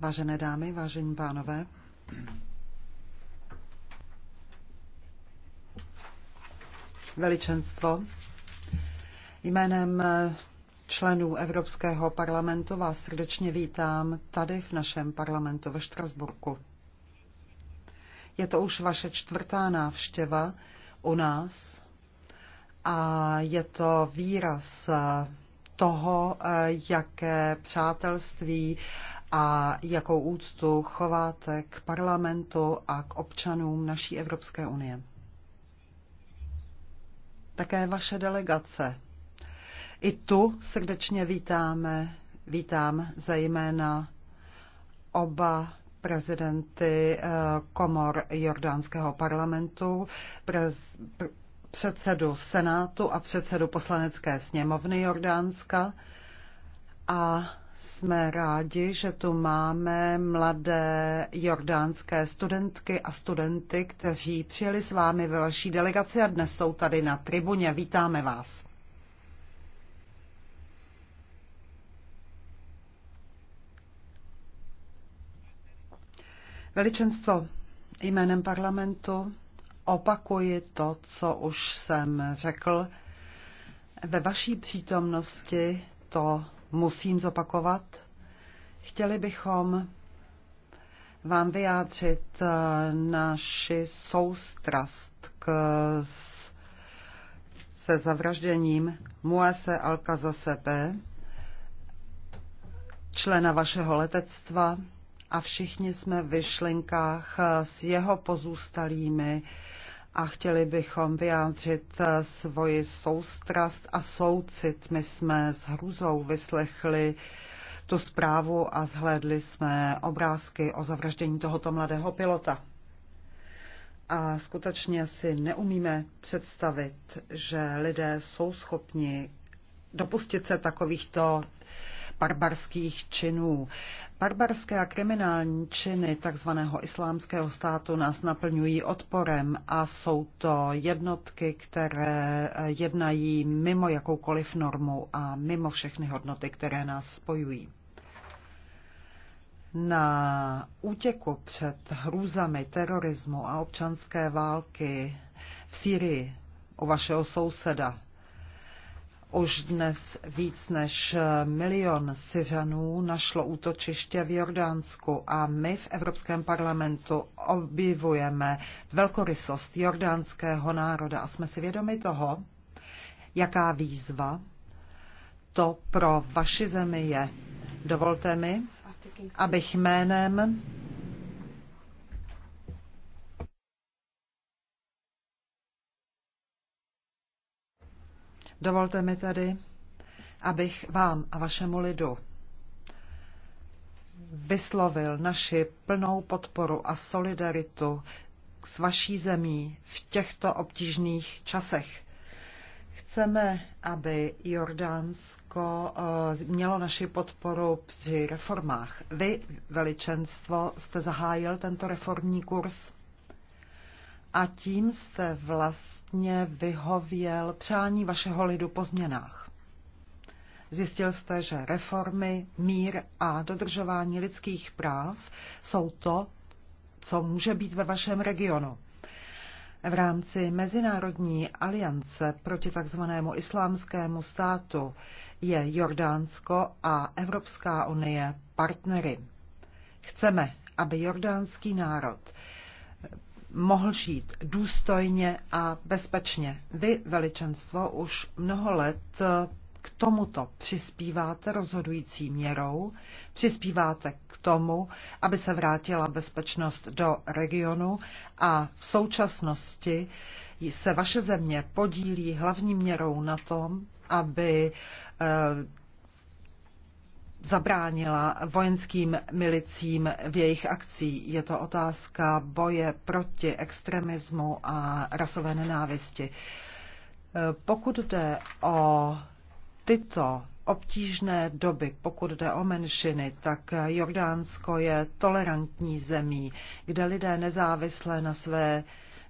Vážené dámy, vážení pánové. Veličenstvo, jménem členů Evropského parlamentu vás srdečně vítám tady v našem parlamentu ve Štrasburku. Je to už vaše čtvrtá návštěva u nás a je to výraz toho, eh, jaké přátelství a jakou úctu chováte k parlamentu a k občanům naší Evropské unie. Také vaše delegace. I tu srdečně vítáme, vítám zejména oba prezidenty eh, komor jordánského parlamentu, prez, pr, předsedu Senátu a předsedu poslanecké sněmovny Jordánska a jsme rádi, že tu máme mladé jordánské studentky a studenty, kteří přijeli s vámi ve vaší delegaci a dnes jsou tady na tribuně. Vítáme vás. Veličenstvo, jménem parlamentu opakuji to, co už jsem řekl. Ve vaší přítomnosti to musím zopakovat. Chtěli bychom vám vyjádřit eh, naši soustrast k, se zavražděním Muese sebe, člena vašeho letectva, a všichni jsme v vyšlenkách s jeho pozůstalými, a chtěli bychom vyjádřit eh, svoji soustrast a soucit. My jsme s hrůzou vyslechli tu zprávu a zhlédli jsme obrázky o zavraždění tohoto mladého pilota. A skutečně si neumíme představit, že lidé jsou schopni dopustit se takovýchto barbarských činů. Barbarské a kriminální činy tzv. islámského státu nás naplňují odporem a jsou to jednotky, které eh, jednají mimo jakoukoliv normu a mimo všechny hodnoty, které nás spojují. Na útěku před hrůzami terorismu a občanské války v Sýrii u vašeho souseda už dnes víc než milion Syřanů našlo útočiště v Jordánsku a my v Evropském parlamentu objevujeme velkorysost jordánského národa a jsme si vědomi toho, jaká výzva to pro vaši zemi je. Dovolte mi, abych jménem Dovolte mi tedy, abych vám a vašemu lidu vyslovil naši plnou podporu a solidaritu s vaší zemí v těchto obtížných časech. Chceme, aby Jordánsko eh, mělo naši podporu při reformách. Vy, veličenstvo, jste zahájil tento reformní kurz a tím jste vlastně vyhověl přání vašeho lidu po změnách. Zjistil jste, že reformy, mír a dodržování lidských práv jsou to, co může být ve vašem regionu. V rámci Mezinárodní aliance proti takzvanému islámskému státu je Jordánsko a Evropská unie partnery. Chceme, aby jordánský národ mohl žít důstojně a bezpečně. Vy, veličenstvo, už mnoho let eh, k tomuto přispíváte rozhodující měrou, přispíváte k tomu, aby se vrátila bezpečnost do regionu a v současnosti se vaše země podílí hlavní měrou na tom, aby eh, zabránila vojenským milicím v jejich akcí. Je to otázka boje proti extremismu a rasové nenávisti. Pokud jde o tyto obtížné doby, pokud jde o menšiny, tak Jordánsko je tolerantní zemí, kde lidé nezávisle na své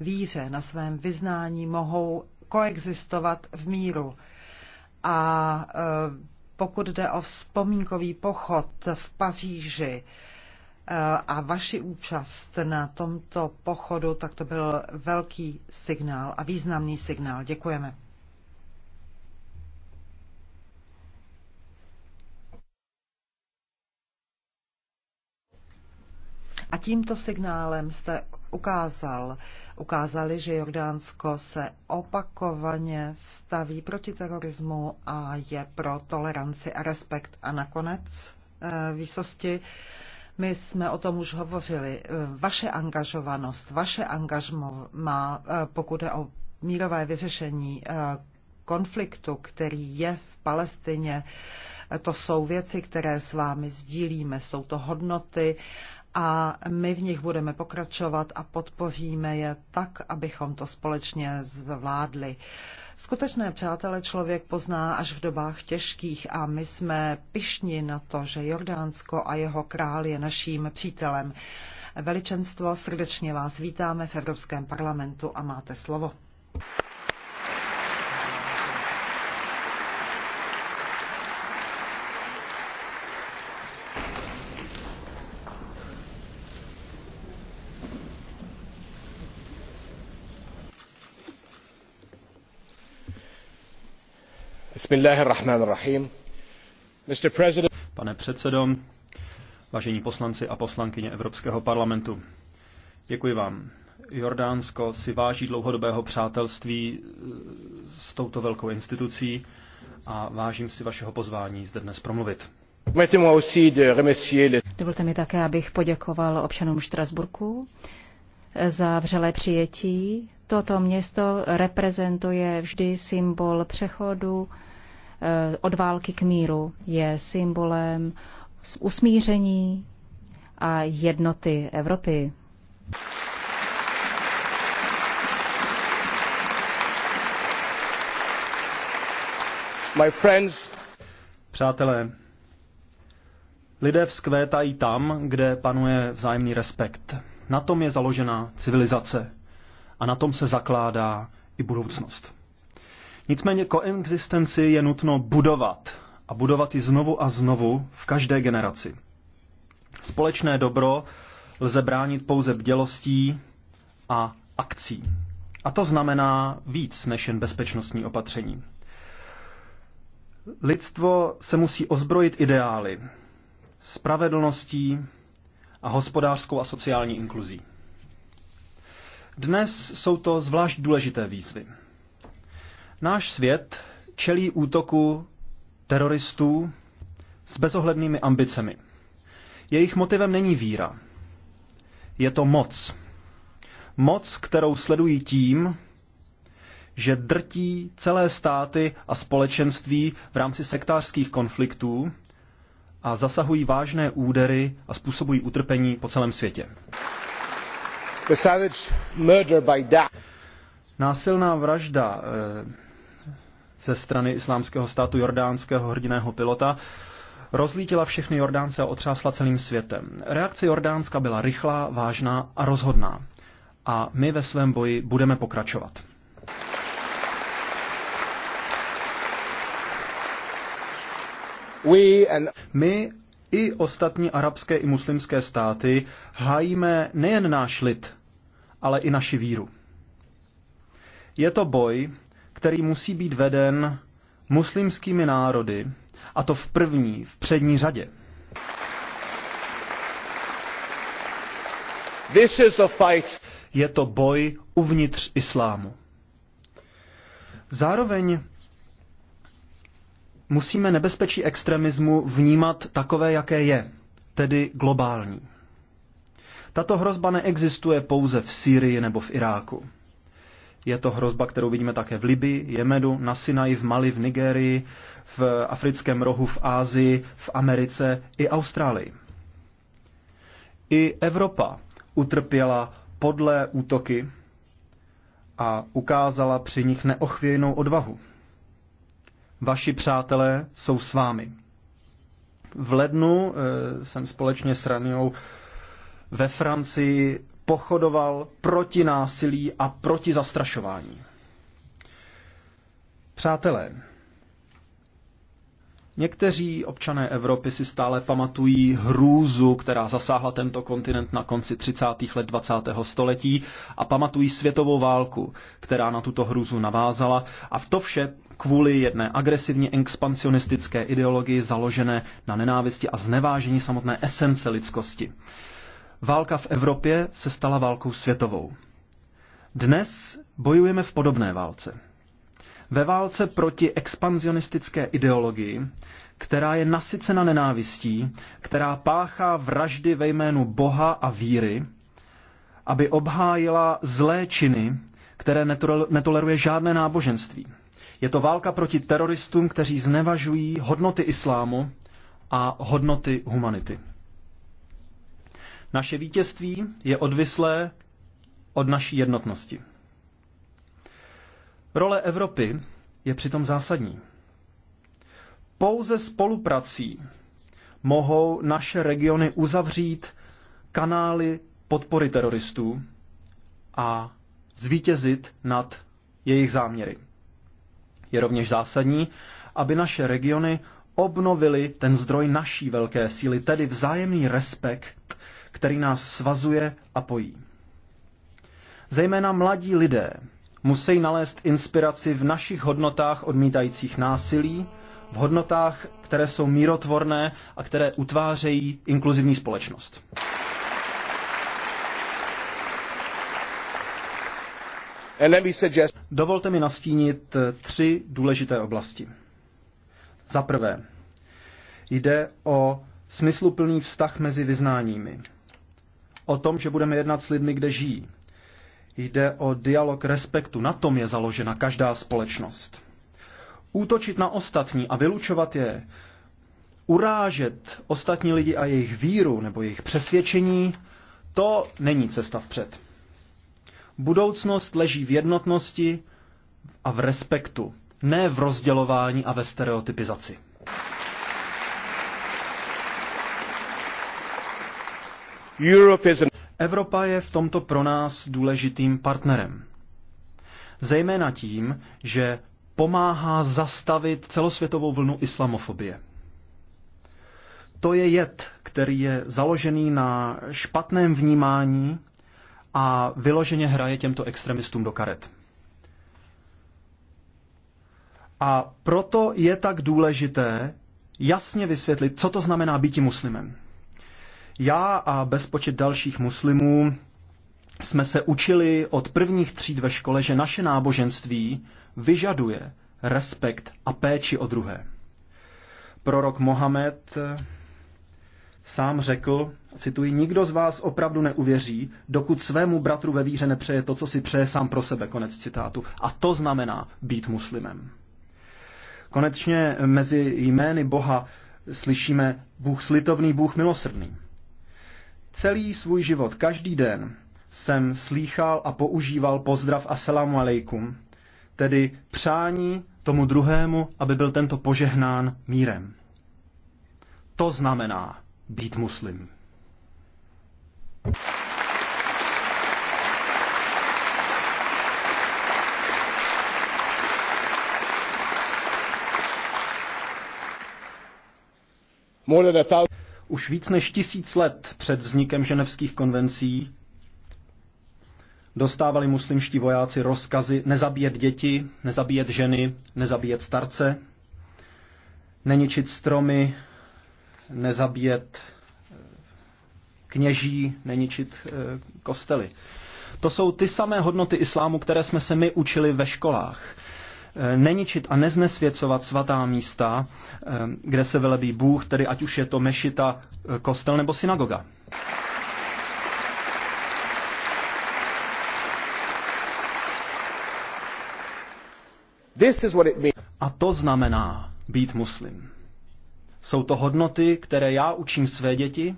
víře, na svém vyznání mohou koexistovat v míru. A pokud jde o vzpomínkový pochod v Paříži eh, a vaši účast na tomto pochodu, tak to byl velký signál a významný signál. Děkujeme. A tímto signálem jste ukázal. Ukázali, že Jordánsko se opakovaně staví proti terorismu a je pro toleranci a respekt. A nakonec eh, výsosti my jsme o tom už hovořili. Eh, vaše angažovanost, vaše angažmo má, eh, pokud je o mírové vyřešení konfliktu, který je v Palestině, to jsou věci, které s vámi sdílíme, jsou to hodnoty a my v nich budeme pokračovat a podpoříme je tak, abychom to společně zvládli. Skutečné přátelé člověk pozná až v dobách těžkých a my jsme pišni na to, že Jordánsko a jeho král je naším přítelem. Veličenstvo, srdečně vás vítáme v Evropském parlamentu a máte slovo. Pane předsedo, vážení poslanci a poslankyně Evropského parlamentu, děkuji vám. Jordánsko si váží dlouhodobého přátelství eh, s touto velkou institucí a vážím si vašeho pozvání zde dnes promluvit. Dovolte mi také, abych poděkoval občanům Štrasburku eh, za vřelé přijetí. Toto město reprezentuje vždy symbol přechodu Eh, od války k míru. Je symbolem usmíření a jednoty Evropy. My friends. Přátelé, lidé vzkvétají tam, kde panuje vzájemný respekt. Na tom je založena civilizace a na tom se zakládá i budoucnost. Nicméně koexistenci je nutno budovat a budovat ji znovu a znovu v každé generaci. Společné dobro lze bránit pouze bdělostí a akcí. A to znamená víc než jen bezpečnostní opatření. Lidstvo se musí ozbrojit ideály, spravedlností a hospodářskou a sociální inkluzí. Dnes jsou to zvlášť důležité výzvy. Náš svět čelí útoku teroristů s bezohlednými ambicemi. Jejich motivem není víra. Je to moc. Moc, kterou sledují tím, že drtí celé státy a společenství v rámci sektářských konfliktů a zasahují vážné údery a způsobují utrpení po celém světě. Násilná vražda eh, ze strany islámského státu jordánského hrdiného pilota, rozlítila všechny Jordánce a otřásla celým světem. Reakce Jordánska byla rychlá, vážná a rozhodná. A my ve svém boji budeme pokračovat. My i ostatní arabské i muslimské státy hájíme nejen náš lid, ale i naši víru. Je to boj, který musí být veden muslimskými národy, a to v první, v přední řadě. This is a fight. Je to boj uvnitř islámu. Zároveň musíme nebezpečí extremismu vnímat takové, jaké je, tedy globální. Tato hrozba neexistuje pouze v Sýrii nebo v Iráku. Je to hrozba, kterou vidíme také v Libii, Jemenu, na Sinaji, v Mali, v Nigérii, v africkém rohu, v Ázii, v Americe i Austrálii. I Evropa utrpěla podlé útoky a ukázala při nich neochvějnou odvahu. Vaši přátelé jsou s vámi. V lednu e, jsem společně s Raniou ve Francii pochodoval proti násilí a proti zastrašování. Přátelé, Někteří občané Evropy si stále pamatují hrůzu, která zasáhla tento kontinent na konci 30. let 20. století a pamatují světovou válku, která na tuto hrůzu navázala a v to vše kvůli jedné agresivně expansionistické ideologii založené na nenávisti a znevážení samotné esence lidskosti. Válka v Evropě se stala válkou světovou. Dnes bojujeme v podobné válce. Ve válce proti expanzionistické ideologii, která je nasycena nenávistí, která páchá vraždy ve jménu Boha a víry, aby obhájila zlé činy, které netoleruje žádné náboženství. Je to válka proti teroristům, kteří znevažují hodnoty islámu a hodnoty humanity. Naše vítězství je odvislé od naší jednotnosti. Role Evropy je přitom zásadní. Pouze spoluprací mohou naše regiony uzavřít kanály podpory teroristů a zvítězit nad jejich záměry. Je rovněž zásadní, aby naše regiony obnovily ten zdroj naší velké síly, tedy vzájemný respekt který nás svazuje a pojí. Zejména mladí lidé musí nalézt inspiraci v našich hodnotách odmítajících násilí, v hodnotách, které jsou mírotvorné a které utvářejí inkluzivní společnost. Dovolte mi nastínit eh, tři důležité oblasti. Za prvé, jde o smysluplný vztah mezi vyznáními o tom, že budeme jednat s lidmi, kde žijí. Jde o dialog respektu. Na tom je založena každá společnost. Útočit na ostatní a vylučovat je, urážet ostatní lidi a jejich víru nebo jejich přesvědčení, to není cesta vpřed. Budoucnost leží v jednotnosti a v respektu, ne v rozdělování a ve stereotypizaci. Evropa je v tomto pro nás důležitým partnerem. Zejména tím, že pomáhá zastavit celosvětovou vlnu islamofobie. To je jed, který je založený na špatném vnímání a vyloženě hraje těmto extremistům do karet. A proto je tak důležité jasně vysvětlit, co to znamená být muslimem. Já a bezpočet dalších muslimů jsme se učili od prvních tříd ve škole, že naše náboženství vyžaduje respekt a péči o druhé. Prorok Mohamed sám řekl, cituji, nikdo z vás opravdu neuvěří, dokud svému bratru ve víře nepřeje to, co si přeje sám pro sebe, konec citátu. A to znamená být muslimem. Konečně mezi jmény Boha slyšíme Bůh slitovný, Bůh milosrdný. Celý svůj život, každý den, jsem slýchal a používal pozdrav a salamu alejkum, tedy přání tomu druhému, aby byl tento požehnán mírem. To znamená být muslim. More than a thousand. Už víc než tisíc let před vznikem ženevských konvencí dostávali muslimští vojáci rozkazy nezabíjet děti, nezabíjet ženy, nezabíjet starce, neničit stromy, nezabíjet eh, kněží, neničit eh, kostely. To jsou ty samé hodnoty islámu, které jsme se my učili ve školách. Eh, neničit a neznesvěcovat svatá místa, eh, kde se velebí Bůh, tedy ať už je to mešita, eh, kostel nebo synagoga. This is what it means. A to znamená být muslim. Jsou to hodnoty, které já učím své děti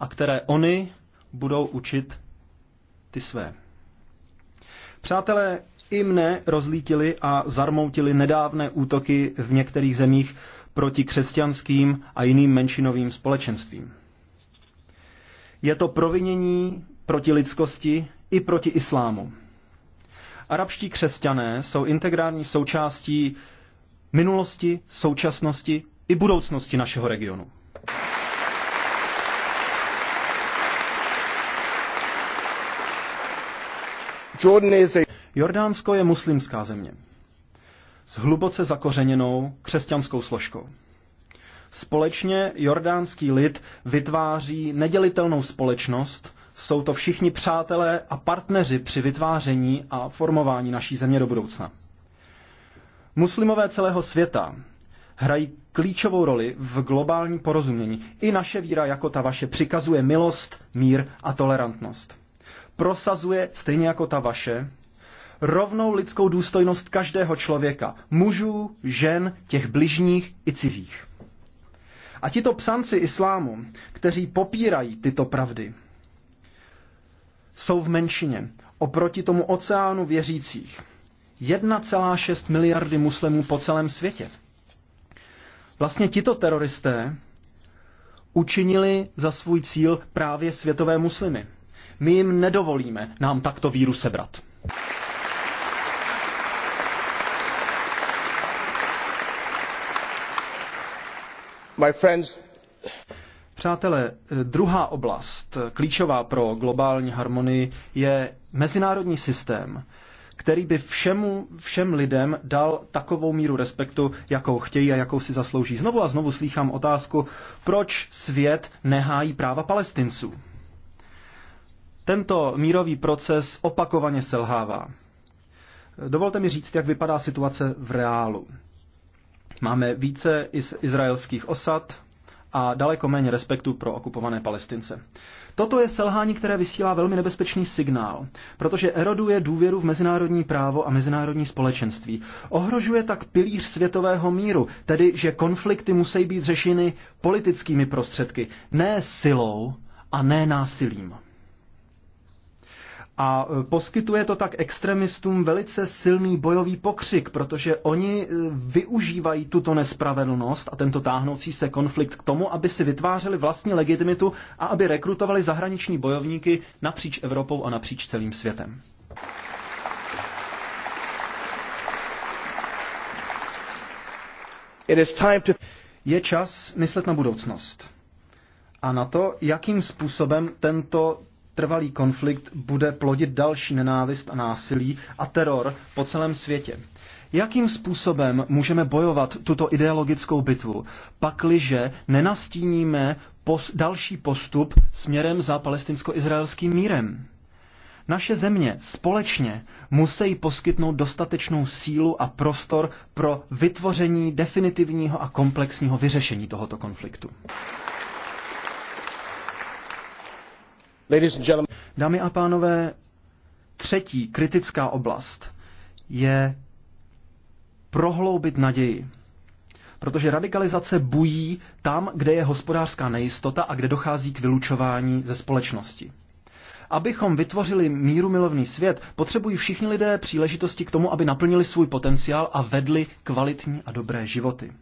a které oni budou učit ty své. Přátelé, i mne rozlítily a zarmoutili nedávné útoky v některých zemích proti křesťanským a jiným menšinovým společenstvím. Je to provinění proti lidskosti i proti islámu. Arabští křesťané jsou integrální součástí minulosti, současnosti i budoucnosti našeho regionu. Jordan is a Jordánsko je muslimská země s hluboce zakořeněnou křesťanskou složkou. Společně jordánský lid vytváří nedělitelnou společnost, jsou to všichni přátelé a partneři při vytváření a formování naší země do budoucna. Muslimové celého světa hrají klíčovou roli v globální porozumění. I naše víra jako ta vaše přikazuje milost, mír a tolerantnost. Prosazuje, stejně jako ta vaše, rovnou lidskou důstojnost každého člověka, mužů, žen, těch bližních i cizích. A tito psanci islámu, kteří popírají tyto pravdy, jsou v menšině oproti tomu oceánu věřících. 1,6 miliardy muslimů po celém světě. Vlastně tito teroristé učinili za svůj cíl právě světové muslimy. My jim nedovolíme nám takto víru sebrat. Přátelé, druhá oblast, klíčová pro globální harmonii, je mezinárodní systém, který by všemu, všem lidem dal takovou míru respektu, jakou chtějí a jakou si zaslouží. Znovu a znovu slýchám otázku, proč svět nehájí práva palestinců. Tento mírový proces opakovaně selhává. Dovolte mi říct, jak vypadá situace v reálu. Máme více iz- izraelských osad a daleko méně respektu pro okupované Palestince. Toto je selhání, které vysílá velmi nebezpečný signál, protože eroduje důvěru v mezinárodní právo a mezinárodní společenství. Ohrožuje tak pilíř světového míru, tedy že konflikty musí být řešeny politickými prostředky, ne silou a ne násilím. A e, poskytuje to tak extremistům velice silný bojový pokřik, protože oni e, využívají tuto nespravedlnost a tento táhnoucí se konflikt k tomu, aby si vytvářeli vlastní legitimitu a aby rekrutovali zahraniční bojovníky napříč Evropou a napříč celým světem. Je čas myslet na budoucnost a na to, jakým způsobem tento trvalý konflikt bude plodit další nenávist a násilí a teror po celém světě. Jakým způsobem můžeme bojovat tuto ideologickou bitvu, pakliže nenastíníme pos- další postup směrem za palestinsko-izraelským mírem? Naše země společně musí poskytnout dostatečnou sílu a prostor pro vytvoření definitivního a komplexního vyřešení tohoto konfliktu. Dámy a pánové, třetí kritická oblast je prohloubit naději. Protože radikalizace bují tam, kde je hospodářská nejistota a kde dochází k vylučování ze společnosti. Abychom vytvořili míru milovný svět, potřebují všichni lidé příležitosti k tomu, aby naplnili svůj potenciál a vedli kvalitní a dobré životy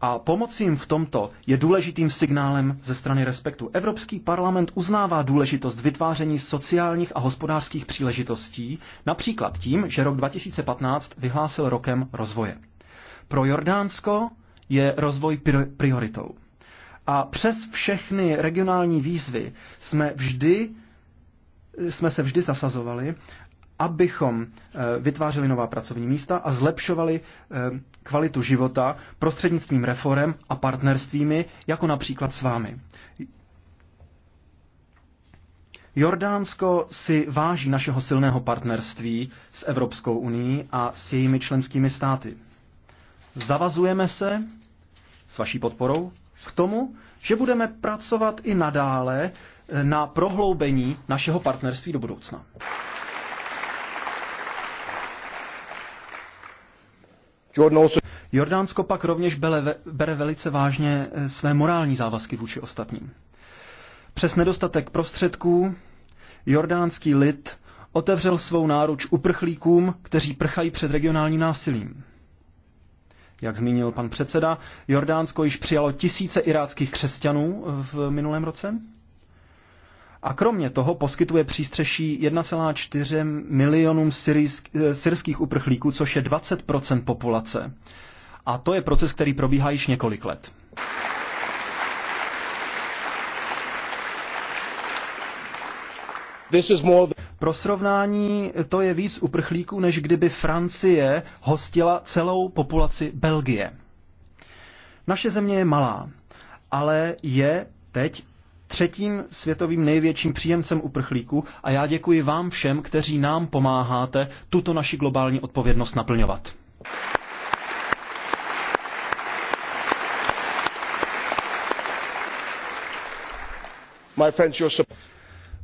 a pomoc jim v tomto je důležitým signálem ze strany respektu. Evropský parlament uznává důležitost vytváření sociálních a hospodářských příležitostí, například tím, že rok 2015 vyhlásil rokem rozvoje. Pro Jordánsko je rozvoj prioritou. A přes všechny regionální výzvy jsme vždy jsme se vždy zasazovali, abychom eh, vytvářeli nová pracovní místa a zlepšovali eh, kvalitu života prostřednictvím reform a partnerstvími, jako například s vámi. Jordánsko si váží našeho silného partnerství s Evropskou unii a s jejími členskými státy. Zavazujeme se s vaší podporou k tomu, že budeme pracovat i nadále eh, na prohloubení našeho partnerství do budoucna. Jordánsko pak rovněž bere, bere velice vážně eh, své morální závazky vůči ostatním. Přes nedostatek prostředků jordánský lid otevřel svou náruč uprchlíkům, kteří prchají před regionálním násilím. Jak zmínil pan předseda, Jordánsko již přijalo tisíce iráckých křesťanů v minulém roce a kromě toho poskytuje přístřeší 1,4 milionům eh, syrských uprchlíků, což je 20 populace. A to je proces, který probíhá již několik let. Pro srovnání to je víc uprchlíků, než kdyby Francie hostila celou populaci Belgie. Naše země je malá, ale je teď třetím světovým největším příjemcem uprchlíků a já děkuji vám všem, kteří nám pomáháte tuto naši globální odpovědnost naplňovat.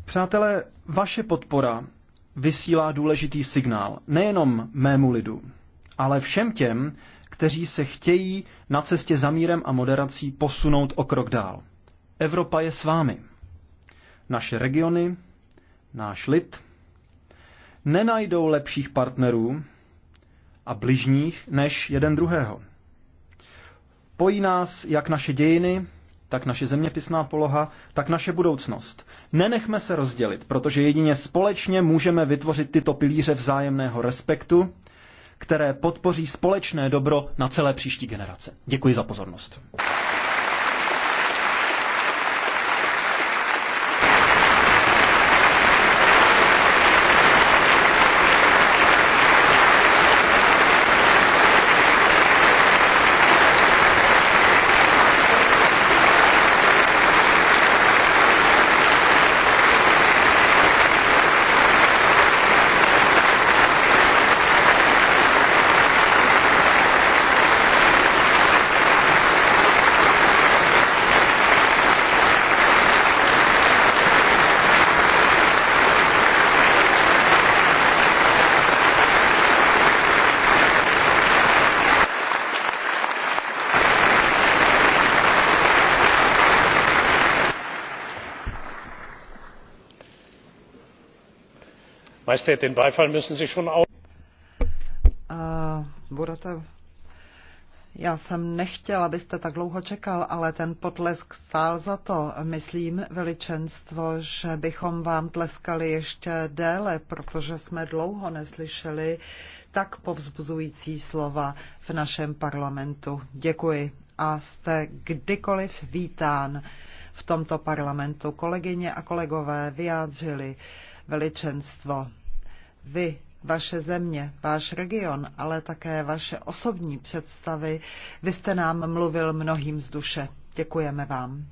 Přátelé, vaše podpora vysílá důležitý signál nejenom mému lidu, ale všem těm, kteří se chtějí na cestě za mírem a moderací posunout o krok dál. Evropa je s vámi. Naše regiony, náš lid, nenajdou lepších partnerů a bližních než jeden druhého. Pojí nás jak naše dějiny, tak naše zeměpisná poloha, tak naše budoucnost. Nenechme se rozdělit, protože jedině společně můžeme vytvořit tyto pilíře vzájemného respektu, které podpoří společné dobro na celé příští generace. Děkuji za pozornost. majestät den beifall müssen sie schon budete... Já jsem nechtěl, abyste tak dlouho čekal, ale ten potlesk stál za to. Myslím, veličenstvo, že bychom vám tleskali ještě déle, protože jsme dlouho neslyšeli tak povzbuzující slova v našem parlamentu. Děkuji a jste kdykoliv vítán v tomto parlamentu. Kolegyně a kolegové vyjádřili veličenstvo vy, vaše země, váš region, ale také vaše osobní představy. Vy jste nám mluvil mnohým z duše. Děkujeme vám.